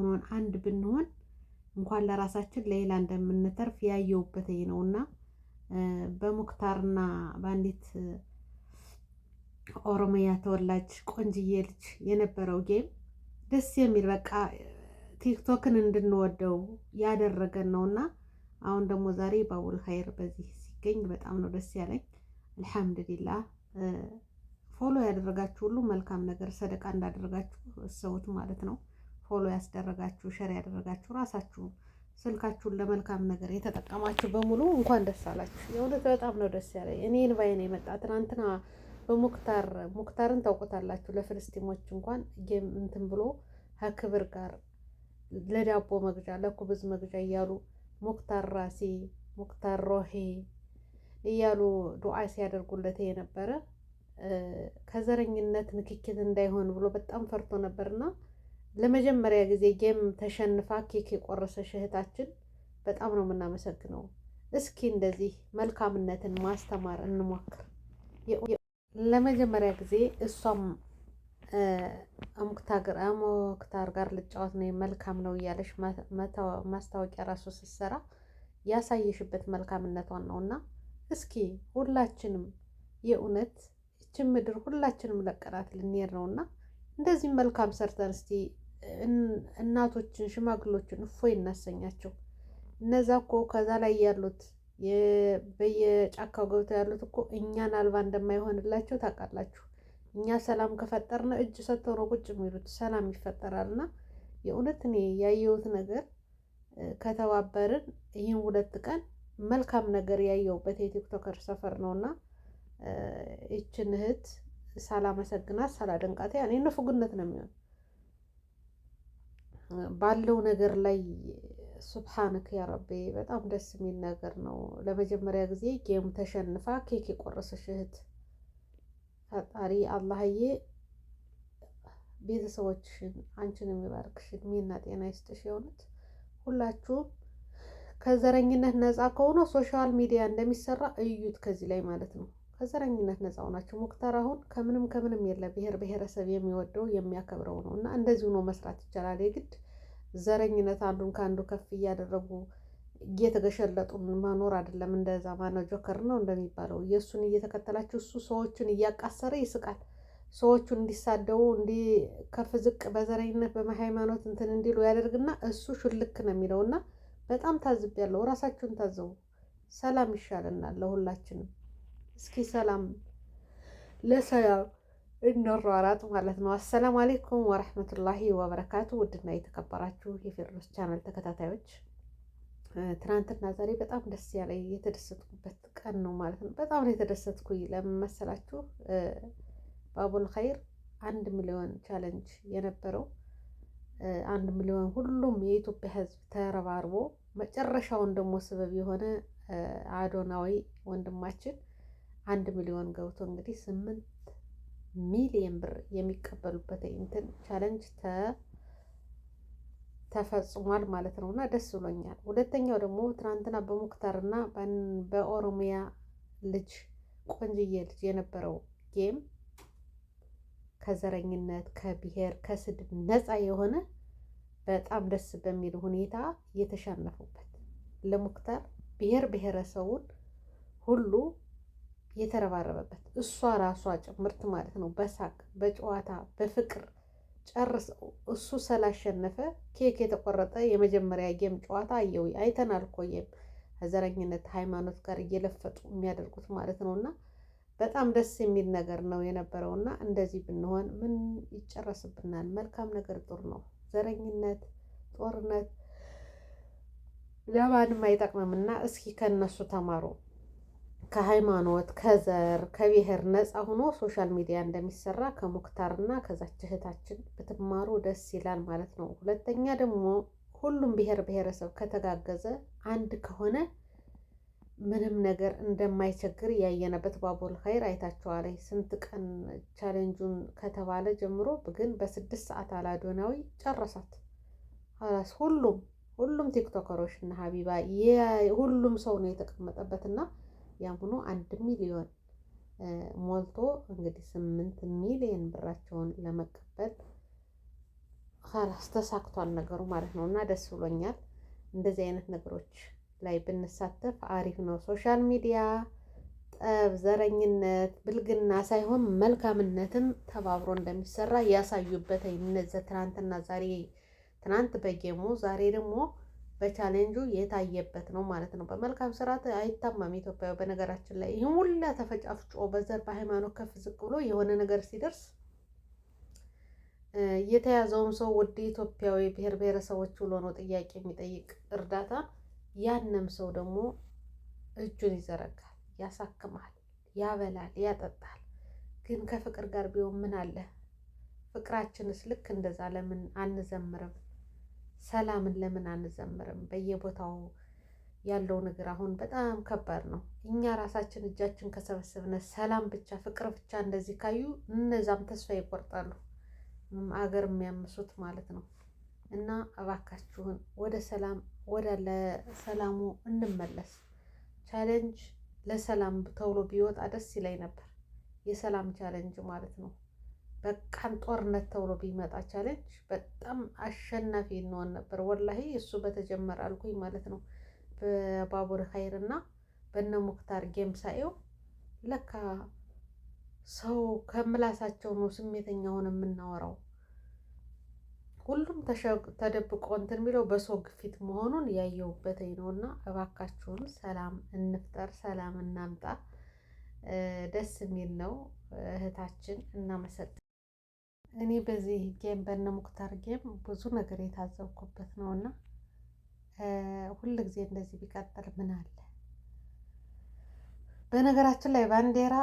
ሆነን አንድ ብንሆን እንኳን ለራሳችን ለሌላ እንደምንተርፍ ያየውበት ነውና በሙክታርና በአንዲት ኦሮሚያ ተወላጅ ቆንጅዬ ልጅ የነበረው ጌም ደስ የሚል በቃ ቲክቶክን እንድንወደው ያደረገን እና አሁን ደግሞ ዛሬ ባቡል ሀይር በዚህ ሲገኝ በጣም ነው ደስ ያለኝ። አልሐምዱሊላህ ፎሎ ያደረጋችሁ ሁሉ መልካም ነገር ሰደቃ እንዳደረጋችሁ ሰውት ማለት ነው። ፎሎ ያስደረጋችሁ ሸር ያደረጋችሁ ራሳችሁ ስልካችሁን ለመልካም ነገር የተጠቀማችሁ በሙሉ እንኳን ደስ አላችሁ። የእውነት በጣም ነው ደስ ያለ። እኔን ባይን የመጣ ትናንትና በሙክታር ሙክታርን ታውቁታላችሁ። ለፍልስጢሞች እንኳን ጌም እንትን ብሎ ከክብር ጋር ለዳቦ መግዣ ለኩብዝ መግዣ እያሉ ሙክታር ራሴ ሙክታር ሮሄ እያሉ ዱዓ ሲያደርጉለት የነበረ ከዘረኝነት ንክኪት እንዳይሆን ብሎ በጣም ፈርቶ ነበርና ለመጀመሪያ ጊዜ ጌም ተሸንፋ ኬክ የቆረሰች እህታችን በጣም ነው የምናመሰግነው። እስኪ እንደዚህ መልካምነትን ማስተማር እንሞክር። ለመጀመሪያ ጊዜ እሷም አሙክታር ጋር ልጫወት ነው መልካም ነው እያለሽ ማስታወቂያ ራሱ ስትሰራ ያሳየሽበት መልካምነቷን ነው እና እስኪ ሁላችንም የእውነት ይችን ምድር ሁላችንም ለቀናት ልንሄድ ነው እና እንደዚህም መልካም ሰርተን እስቲ እናቶችን ሽማግሎችን እፎ እናሰኛቸው። እነዛ እኮ ከዛ ላይ ያሉት በየጫካው ገብተው ያሉት እኮ እኛን አልባ እንደማይሆንላቸው ታውቃላችሁ። እኛ ሰላም ከፈጠርነ እጅ ሰጥተው ነው ቁጭ የሚሉት። ሰላም ይፈጠራል እና የእውነት እኔ ያየሁት ነገር ከተባበርን ይህን ሁለት ቀን መልካም ነገር ያየሁበት የቲክቶከር ሰፈር ነው እና ይችን እህት ሳላመሰግናት ሳላደንቃት ያኔ ንፉግነት ነው የሚሆን ባለው ነገር ላይ ሱብሓንክ ያ ረቢ በጣም ደስ የሚል ነገር ነው። ለመጀመሪያ ጊዜ ጌም ተሸንፋ ኬክ የቆረሰሽ እህት ፈጣሪ አላህዬ ቤተሰቦችሽን አንቺን የሚባርክሽ እድሜና ጤና ይስጥሽ። የሆኑት ሁላችሁም ከዘረኝነት ነፃ ከሆነ ሶሻል ሚዲያ እንደሚሰራ እዩት ከዚህ ላይ ማለት ነው። ከዘረኝነት ነፃ ሆናችሁ ሙክታር አሁን ከምንም ከምንም የለ ብሔር ብሔረሰብ የሚወደው የሚያከብረው ነው እና እንደዚሁ ነው መስራት ይቻላል። የግድ ዘረኝነት አንዱን ከአንዱ ከፍ እያደረጉ እየተገሸለጡ መኖር አይደለም። እንደዛ ማነው ጆከር ነው እንደሚባለው የእሱን እየተከተላችሁ እሱ ሰዎቹን እያቃሰረ ይስቃል። ሰዎቹን እንዲሳደቡ እንዲ ከፍ ዝቅ በዘረኝነት በሃይማኖት እንትን እንዲሉ ያደርግና እሱ ሹልክ ነው የሚለውና በጣም ታዝብ ያለው ራሳችሁን ታዘቡ። ሰላም ይሻልናል ለሁላችንም። እስኪ ሰላም ለሰያ እንሯሯጥ ማለት ነው። አሰላሙ አሌይኩም ወረህመቱላሂ ወበረካቱ። ውድና የተከበራችሁ የፌርዶስ ቻናል ተከታታዮች ትናንትና ዛሬ በጣም ደስ ያለ የተደሰትኩበት ቀን ነው ማለት ነው። በጣም ነው የተደሰትኩ ለምን መሰላችሁ? በአቡል ኸይር አንድ ሚሊዮን ቻለንጅ የነበረው አንድ ሚሊዮን ሁሉም የኢትዮጵያ ሕዝብ ተረባርቦ መጨረሻውን ደግሞ ስበብ የሆነ አዶናዊ ወንድማችን አንድ ሚሊዮን ገብቶ እንግዲህ ስምንት ሚሊየን ብር የሚቀበሉበት እንትን ቻለንጅ ተፈጽሟል ማለት ነው እና ደስ ብሎኛል። ሁለተኛው ደግሞ ትናንትና እና በኦሮሚያ ልጅ ቆንጅዬ ልጅ የነበረው ጌም ከዘረኝነት፣ ከብሔር፣ ከስድብ ነፃ የሆነ በጣም ደስ በሚል ሁኔታ እየተሸነፉበት ለሙክታር ብሔር ብሔረሰቡን ሁሉ የተረባረበበት እሷ ራሷ ጭምርት ማለት ነው። በሳቅ በጨዋታ በፍቅር ጨርሰው እሱ ስላሸነፈ ኬክ የተቆረጠ የመጀመሪያ ጌም ጨዋታ አየው አይተናል እኮ ጌም ከዘረኝነት ሃይማኖት ጋር እየለፈጡ የሚያደርጉት ማለት ነው። እና በጣም ደስ የሚል ነገር ነው የነበረው። እና እንደዚህ ብንሆን ምን ይጨረስብናል? መልካም ነገር ጥሩ ነው። ዘረኝነት፣ ጦርነት ለማንም አይጠቅምም። እና እስኪ ከነሱ ተማሩ። ከሃይማኖት ከዘር ከብሔር ነፃ ሆኖ ሶሻል ሚዲያ እንደሚሰራ ከሙክታርና ከዛች እህታችን ብትማሩ ደስ ይላል ማለት ነው። ሁለተኛ ደግሞ ሁሉም ብሔር ብሔረሰብ ከተጋገዘ አንድ ከሆነ ምንም ነገር እንደማይቸግር ያየነበት ባቡል ኸይር አይታችኋል። ስንት ቀን ቻሌንጁን ከተባለ ጀምሮ ግን በስድስት ሰዓት አላዶናዊ ጨረሳት። ራስ ሁሉም ሁሉም ቲክቶከሮች እና ሀቢባ ሁሉም ሰው ነው የተቀመጠበትና ያ ሆኖ አንድ ሚሊዮን ሞልቶ እንግዲህ ስምንት ሚሊዮን ብራቸውን ለመቀበል ላስ ተሳክቷል ነገሩ ማለት ነው። እና ደስ ብሎኛል። እንደዚህ አይነት ነገሮች ላይ ብንሳተፍ አሪፍ ነው። ሶሻል ሚዲያ ጠብ፣ ዘረኝነት፣ ብልግና ሳይሆን መልካምነትም ተባብሮ እንደሚሰራ ያሳዩበት እነዚህ ትናንትና ዛሬ ትናንት በጌሙ ዛሬ ደግሞ በቻሌንጁ የታየበት ነው ማለት ነው። በመልካም ስርዓት አይታማም ኢትዮጵያዊ። በነገራችን ላይ ይህን ሁላ ተፈጫፍጮ በዘር በሃይማኖት ከፍ ዝቅ ብሎ የሆነ ነገር ሲደርስ የተያዘውም ሰው ውድ ኢትዮጵያዊ ብሔር ብሔረሰቦች ብሎ ነው ጥያቄ የሚጠይቅ እርዳታ። ያንም ሰው ደግሞ እጁን ይዘረጋል፣ ያሳክማል፣ ያበላል፣ ያጠጣል። ግን ከፍቅር ጋር ቢሆን ምን አለ? ፍቅራችንስ ልክ እንደዛ ለምን አንዘምርም? ሰላምን ለምን አንዘምርም? በየቦታው ያለው ነገር አሁን በጣም ከባድ ነው። እኛ ራሳችን እጃችን ከሰበሰብነ ሰላም ብቻ ፍቅር ብቻ እንደዚህ ካዩ እነዛም ተስፋ ይቆርጣሉ፣ አገር የሚያምሱት ማለት ነው። እና እባካችሁን ወደ ሰላም ወደ ለሰላሙ እንመለስ። ቻሌንጅ ለሰላም ተውሎ ቢወጣ ደስ ይላይ ነበር፣ የሰላም ቻሌንጅ ማለት ነው። በቃን ጦርነት ተብሎ ቢመጣ ቻለንጅ በጣም አሸናፊ እንሆን ነበር። ወላሂ እሱ በተጀመረ አልኩኝ ማለት ነው። በባቡር ሀይር እና በነ ሙክታር ጌም ሳየው ለካ ሰው ከምላሳቸው ነው ሆነ የምናወራው። ሁሉም ተደብቆ እንትን የሚለው በሰው ግፊት መሆኑን ያየውበት ነው። እና እባካችሁን ሰላም እንፍጠር፣ ሰላም እናምጣ። ደስ የሚል ነው። እህታችን እናመሰግናለን። እኔ በዚህ ጌም በነ ሙክታር ጌም ብዙ ነገር የታዘብኩበት ነው እና ሁል ጊዜ እንደዚህ ቢቀጥል ምን አለ። በነገራችን ላይ ባንዴራ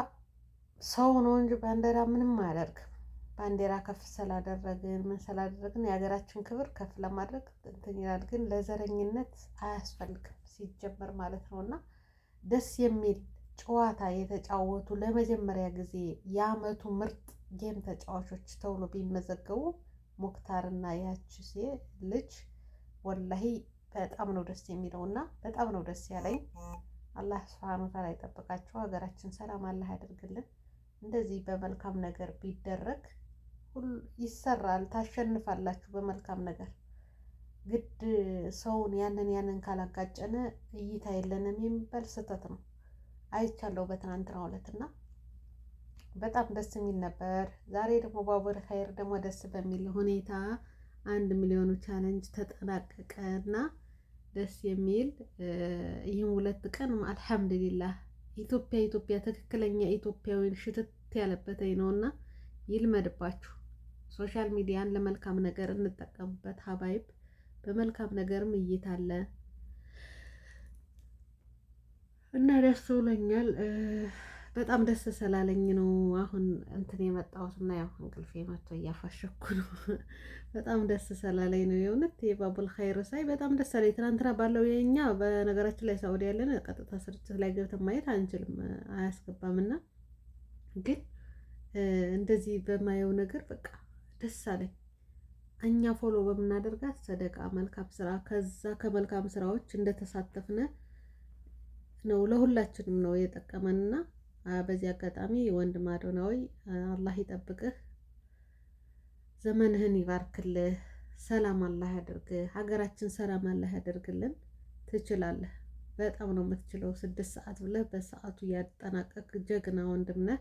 ሰው ነው እንጂ ባንዴራ ምንም አያደርግም። ባንዲራ ከፍ ስላደረግን ምን ስላደረግን የሀገራችን ክብር ከፍ ለማድረግ እንትን ይላል፣ ግን ለዘረኝነት አያስፈልግም ሲጀመር ማለት ነው እና ደስ የሚል ጨዋታ የተጫወቱ ለመጀመሪያ ጊዜ የአመቱ ምርጥ ጌም ተጫዋቾች ተብሎ ቢመዘገቡ ሙክታርና ያቺ ሴ ልጅ ወላሂ በጣም ነው ደስ የሚለው እና በጣም ነው ደስ ያለኝ። አላህ ስብሃነ ወተዓላ ይጠብቃቸው፣ ሀገራችን ሰላም አላህ ያደርግልን። እንደዚህ በመልካም ነገር ቢደረግ ሁሉ ይሰራል፣ ታሸንፋላችሁ በመልካም ነገር። ግድ ሰውን ያንን ያንን ካላጋጨነ እይታ የለንም የሚባል ስህተት ነው። አይቻለሁ በትናንትናው ዕለት እና በጣም ደስ የሚል ነበር። ዛሬ ደግሞ ባቡር ኸይር ደግሞ ደስ በሚል ሁኔታ አንድ ሚሊዮኑ ቻለንጅ ተጠናቀቀ እና ደስ የሚል ይህም ሁለት ቀን አልሐምዱሊላህ ኢትዮጵያ ኢትዮጵያ ትክክለኛ ኢትዮጵያዊ ሽትት ያለበት ነው እና ይልመድባችሁ። ሶሻል ሚዲያን ለመልካም ነገር እንጠቀምበት ሀባይብ። በመልካም ነገርም እይታለ እና ደስ ብሎኛል። በጣም ደስ ስላለኝ ነው አሁን እንትን የመጣሁት እና ያው እንቅልፌ መጥቶ እያፋሸኩ ነው። በጣም ደስ ስላለኝ ነው የእውነት የባቡል ኸይር ሳይ በጣም ደስ አለኝ። ትናንትና ባለው የኛ በነገራችን ላይ ሳውዲ ያለን ቀጥታ ስርጭት ላይ ገብተን ማየት አንችልም፣ አያስገባም እና ግን እንደዚህ በማየው ነገር በቃ ደስ አለኝ። እኛ ፎሎ በምናደርጋት ሰደቃ መልካም ስራ ከዛ ከመልካም ስራዎች እንደተሳተፍነ ነው ለሁላችንም ነው የጠቀመንና በዚህ አጋጣሚ ወንድም አዶናዊ አላህ ይጠብቅህ፣ ዘመንህን ይባርክልህ፣ ሰላም አላህ ያድርግህ፣ ሀገራችን ሰላም አላህ ያደርግልን። ትችላለህ፣ በጣም ነው የምትችለው። ስድስት ሰዓት ብለህ በሰዓቱ ያጠናቀቅ ጀግና ወንድም ነህ።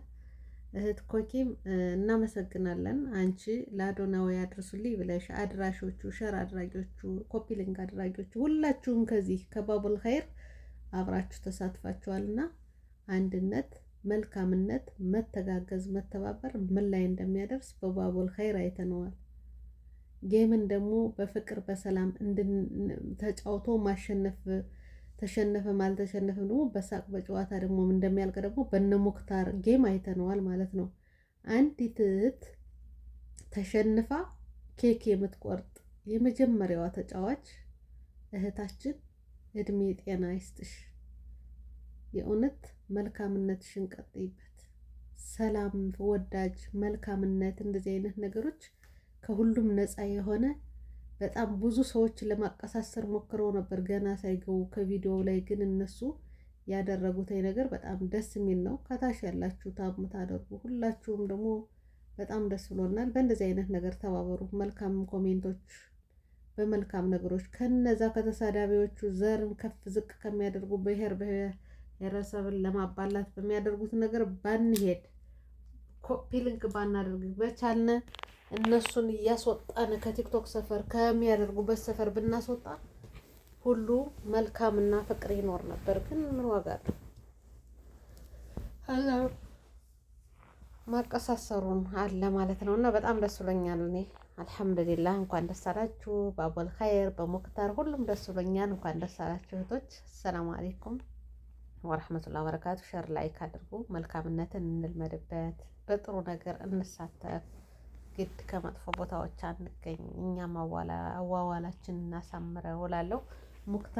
እህት ኮኪም እናመሰግናለን። አንቺ ለአዶናዊ ያድርሱልኝ ብለሽ አድራሾቹ፣ ሸር አድራጊዎቹ፣ ኮፒሊንግ አድራጊዎቹ ሁላችሁም ከዚህ ከባቡል ኸይር አብራችሁ ተሳትፋችኋልና አንድነት፣ መልካምነት፣ መተጋገዝ፣ መተባበር ምን ላይ እንደሚያደርስ በባቦል ኸይር አይተነዋል። ጌምን ደግሞ በፍቅር በሰላም ተጫውቶ ማሸነፍ ተሸነፈም አልተሸነፈም ደግሞ በሳቅ በጨዋታ ደግሞ እንደሚያልቅ ደግሞ በነ ሙክታር ጌም አይተነዋል ማለት ነው። አንዲት እህት ተሸንፋ ኬክ የምትቆርጥ የመጀመሪያዋ ተጫዋች እህታችን እድሜ ጤና ይስጥሽ። የእውነት መልካምነትሽን ቀጥይበት። ሰላም ወዳጅ መልካምነት፣ እንደዚህ አይነት ነገሮች ከሁሉም ነፃ የሆነ በጣም ብዙ ሰዎች ለማቀሳሰር ሞክረው ነበር ገና ሳይገቡ ከቪዲዮው ላይ ግን እነሱ ያደረጉት ነገር በጣም ደስ የሚል ነው። ከታች ያላችሁ ታብ ታደርጉ ሁላችሁም ደግሞ በጣም ደስ ብሎናል። በእንደዚህ አይነት ነገር ተባበሩ። መልካም ኮሜንቶች በመልካም ነገሮች ከነዛ ከተሳዳቢዎቹ ዘርን ከፍ ዝቅ ከሚያደርጉ ብሔር ብሔረሰብን ለማባላት በሚያደርጉት ነገር ባንሄድ ኮፒ ሊንክ ባናደርግ በቻልነ እነሱን እያስወጣን ከቲክቶክ ሰፈር ከሚያደርጉበት ሰፈር ብናስወጣ ሁሉ መልካምና ፍቅር ይኖር ነበር። ግን ምን ዋጋ አለው? ማቀሳሰሩን አለ ማለት ነው። እና በጣም ደስ ብሎኛል። እኔ አልሐምዱሊላህ እንኳን ደስ አላችሁ። በአቦል ኸይር በሙክታር ሁሉም ደስ ብሎኛል። እንኳን ደስ አላችሁ እህቶች። አሰላሙ አሌይኩም ወረህመቱላ በረካቱ። ሸር ላይክ አድርጉ። መልካምነትን እንልመድበት፣ በጥሩ ነገር እንሳተፍ። ግድ ከመጥፎ ቦታዎች አንገኝ። እኛም አዋዋላችን እናሳምረው እላለሁ ሙክታር